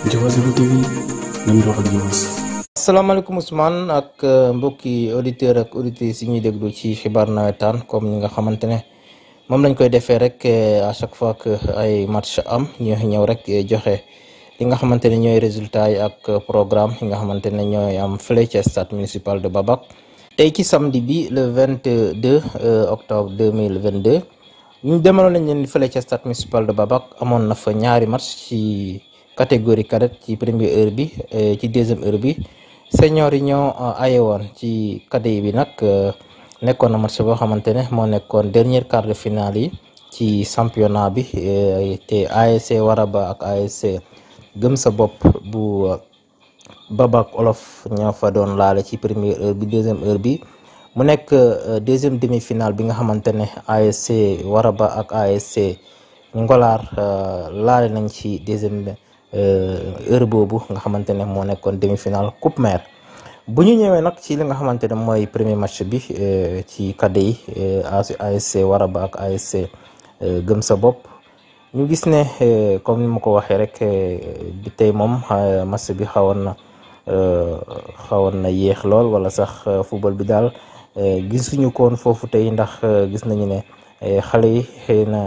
Assalamualaikum TV nañ dox ak jogass asalaamaaleykum eh, ak mbokki auditeur ak auditrice ci ñi déglu ci xibaar nawetaan comme ñi nga xamantene mom lañ koy défé rek à chaque fois que ay match am ñi ñew rek eh, joxé li nga xamantene ñoy e résultat yi ak eh, programme yi nga xamantene ñoy e am Fletcher ci stade municipal de Babac tay ci samedi bi le 22 octobre 2022 ñu demaloon nañ leen ci e stade municipal de Babac amon na fa ñaari match ci catégorie cadette ci première heure bi euh, ci deuxième heure bi senior yi ñoo euh, ayewoon ci cadet bi nag euh, nekkoon na match boo xamante ne moo nekkoon dernier quart de finale yi ci championnat bi te ASC Waraba ak ASC gëm sa bopp bu Babak Olof ñoo fa doon laale ci première heure bi deuxième heure bi mu nekk deuxième demi-finale bi nga xamante ne ASC Waraba ak ASC Ngolaar laale nañ ci deuxième Euh, heure boobu nga xamante ne moo nekkoon demi-finale coupe mère bu ñu ñëwee nag ci li nga xamante ne mooy premier match bi euh, ci cadre yi euh, ASC Waraba ak ASC Gëm Sa Bopp ñu gis ne comme ni ma ko waxee rek bi tey moom match bi xawoon na xawoon na yéex lool wala sax football bi daal gisuñu koon foofu tey ndax gis nañu ne xale yi xëy na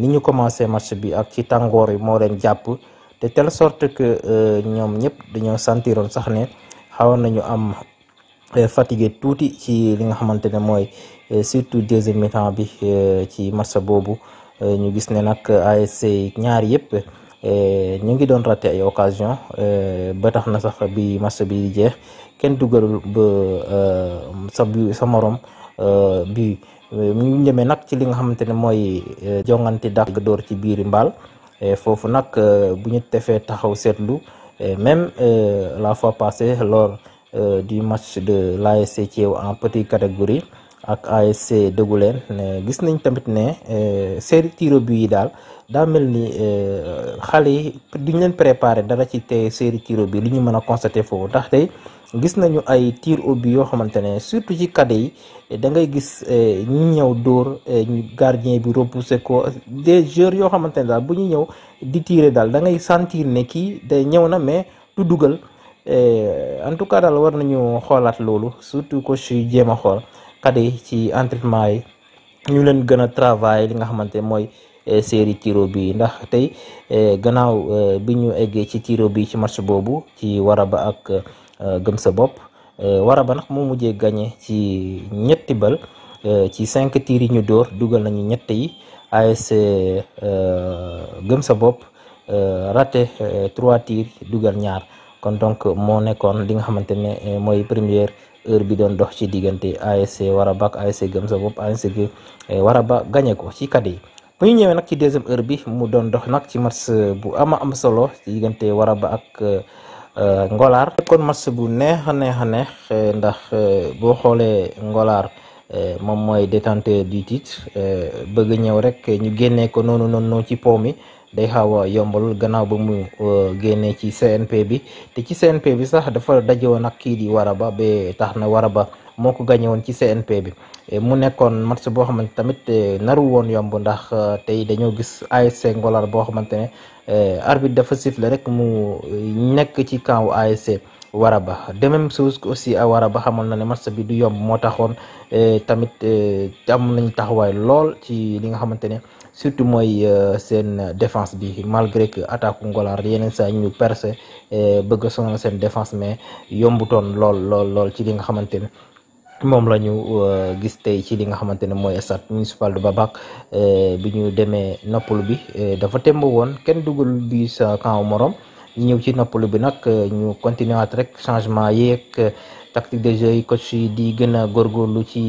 ni ñu commencé match bi ak ci tàngoor yi moo leen jàpp de telle sorte que euh, ñoom ñëpp dañoo sentiroon sax ne xawoon nañu am euh, fatigué tuuti ci li nga xamante ne mooy euh, surtout deuxième mi-temps bi ci match boobu ñu gis ne nag ASC ñaar yëpp ñu ngi doon raté ay occasion ba tax na sax bi match bi di jeex kenn dugalul ba sa sa morom bi ñu demee nag ci li nga xamante ne mooy jongante dàq door ci biir mbaal foofu nag euh, bu ñu defee taxaw seetlu même euh, la fois passée lors euh, di match de l'ASC Thiew en petite catégorie ak ASC dëggu leen gis nañ tamit ne euh, série tiro bi yi daal daa mel ni euh, xale yi duñ leen préparé dara ci te série tiro bi li ñu mën a constaté foofu ndax tey gis nañu ay tir au yoo xamante ne surtout ci cadets yi eh, da ngay gis eh, ñu ñëw dóor eh, gardien bi repoussé ko des joueurs yoo xamante ne daal bu ñu ñëw di tirer daal da ngay sentir ne kii day ñëw na mais du dugal en tout cas daal war nañu xoolaat loolu surtout coach yi jéem a xool xale ci entraînement yi ñu leen gën a travail li nga xamante mooy eh, série tiro bi ndax tey eh, gannaaw eh, bi ñu eggee ci tiro bi ci match boobu ci waraba ak gëm sa bopp waraba nag moo mujjee gagné ci ñetti bal ci cinq tir yi ñu door dugal nañu ñett yi as gëm sa bopp raté trois tir dugal ñaar kon donc moo nekkoon li nga xamante ne mooy première heure bi doon dox ci diggante ASC Waraba ak ASC Gëm Sa Bopp ASC eh, Waraba gagné ko ci kaddu yi bu ñëwee nag ci deuxième heure bi mu doon dox nag ci match bu ama am solo ci diggante Waraba ak eh, Ngolaar kon match bu neex a neex a neex eh, boo xoolee Ngolaar moom mooy détenteur du titre bëgg ñëw rek ñu génnee ko noonu noonu ci po mi day xaw a yombal gannaaw ba mu uh, génnee ci CNP bi te ci CNP bi sax dafa daje woon ak kii di Waraba ba tax na ba moo ko gagné ci CNP bi e, mu nekkoon match boo xamante tamit e, naru woon yomb ndax e, tey dañoo gis ASC Ngolaar boo xamante ne arbitre dafa siffle rek mu nekk ci camp ASC Waraba de même chose aussi à Waraba xamal na ne match bi du yomb moo taxoon eh, tamit eh, am nañu taxawaay lool ci li nga xamante ne surtout mooy eh, seen défense bi malgré que attaque Ngolaar yeneen saa ñu percé bëgg a sonal seen défense mais yombutoon lool lool lool ci li nga xamante ne moom la ñu gis tey ci li nga xamante ne mooy stade municipal de Babac bi ñu demee noppalu bi dafa temb woon kenn dugal bi sa camp morom. ñu ñëw ci noppalu bi nag euh, ñu continué waat rek changement yeeg euh, tactique de jeu yi coach yi di gën a góorgóorlu ci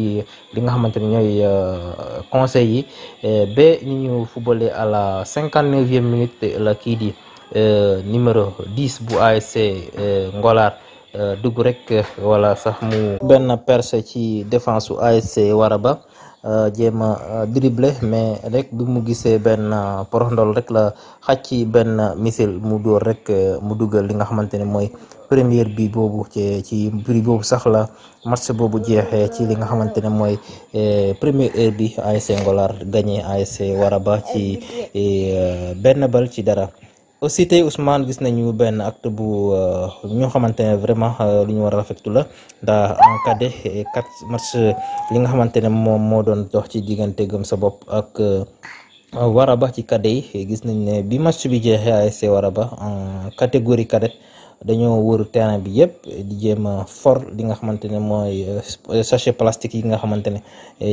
li nga xamante ni ñooy euh, conseils yi ba ñu ñu footballé à la cinquante neuvième minute la kii di numéro dix bu ASC Ngolaar dugg rek wala sax mu benn perche ci défense su ASC Waraba Euh, jéem a euh, dribble mais rek bi mu gisee benn euh, poroxndol rek la ci benn missile mu dóor rek mu dugal li nga xamante ne mooy première bi boobu ci ci prix boobu sax la match boobu jeexee ci li nga xamante ne mooy première heure bi ASC Ngolaar gagné ASC Waraba ci benn bal ci dara aussi tey Ousmane gis nañu benn acte bu euh, ñoo xamante ne vraiment euh, lu ñu war a rafetlu la daa encadré quatre match li nga xamante ne moom moo doon jox ci diggante gëm sa bopp ak euh, waraba ci cadet yi gis nañ ne bi match bi jeex jeexee ASC waraba en catégorie cadet dañoo wër terrain bi yëpp di jéem a for li nga xamante ne mooy sachet plastique yi nga xamante ne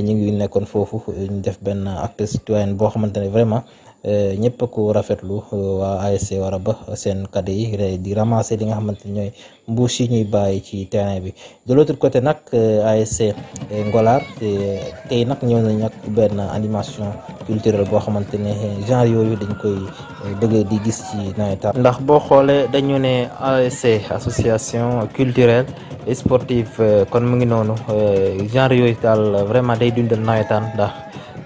ñu ngi nekkoon foofu ñu def benn acte citoyen boo xamante ne vraiment Eh, ñëpp ku rafetlu eh, waa ASC Waraba seen cadre yi eh, di ramasser li nga xamante ne ñooy mbuus yi ñuy bàyyi ci terrain bi de l'autre côté nag ASC Ngolaar tey nag ñëw nañ nag benn animation culturelle boo xamante ne genre yooyu dañ koy bëgg di gis ci nawetaan ndax boo xoolee dañu ne ASC association culturelle et sportive kon mu ngi noonu genre yooyu daal vraiment day dundal nawetaan ndax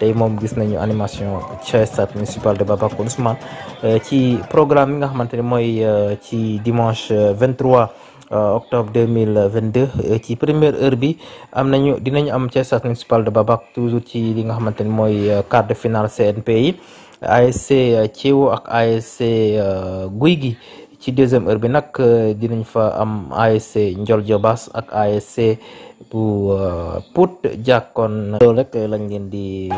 tey moom gis nañu animation ca stade municipal de Babacar Ousmane euh, ci programme yi nga xamante ne mooy euh, ci dimanche 23 euh, octobre deux ci première heure bi am nañu dinañu am ca stade municipal de Babacar toujours ci li nga xamante ne mooy quart de finale CNP yi ASC Thiewo ak ASC Guy gi ci deuxième heure bi nak dinañ fa am ASC e Ndiol Diobass ak ASC e bu uh, put jakon do rek eh, lañ leen di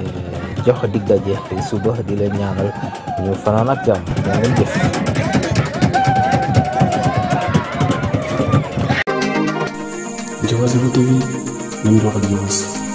jox dig ci suba di leen ñaanal ñu fanaan ak jàmm yaa ngi jëf TV nañ wax ak Diobass